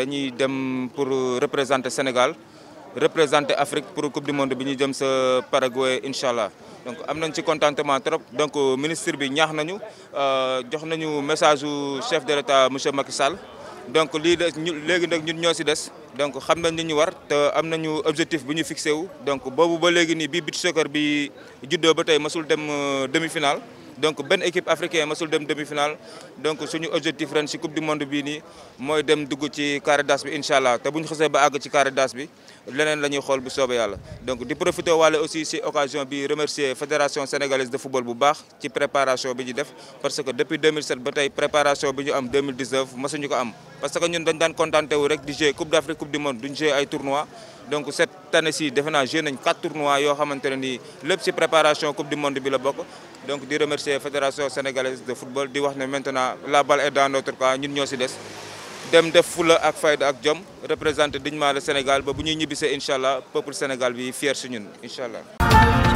dañuy dem pour représenter Sénégal représenter Afrique pour coupe du monde bi ñu jëm ce Paraguay inshallah. donc am nañ ci contentement trop donc euh, ministre bi ñaax nañu euh, jox nañu message u chef de l'état monsieur Macky Sall donc li légui nak ñun ñoo si des donc xam nañ ni ñu war te am nañu objectif bi ñu fixé wu donc bobu ba légui ni bi bit soccer bi juddoo ba tay masul dem euh, demi-finale donc ben équipe africaine masul dem demi-finale donc suñu objectif ren la coupe du monde Moi, nii mooy dem dugg ci carré d'as bi incha allah te bu ñu xasee ba ci carré d'as bi leneen bu donc di profité waale aussi cette occasion bi remercier la fédération sénégalaise de football bu baax ci préparation bi def parce que depuis 2007 ba préparation bi ñu am 2019 masuñu ko am parce que nous sommes daan de wu rek coupe d'Afrique, coupe du monde duñ jouer ay tournois donc cette année ci nous avons joué nañ quatre tournois nous avons ne la préparation préparation coupe du monde bi la bokk. donc di remercier fédération sénégalaise de football di wax maintenant la balle est dans notre camp ñun sommes Nous dem def fula ak fayda ak jom représenter dignement le Sénégal ba bu ñuy ñibbisee incha peuple Sénégal bi fier ci ñun inshallah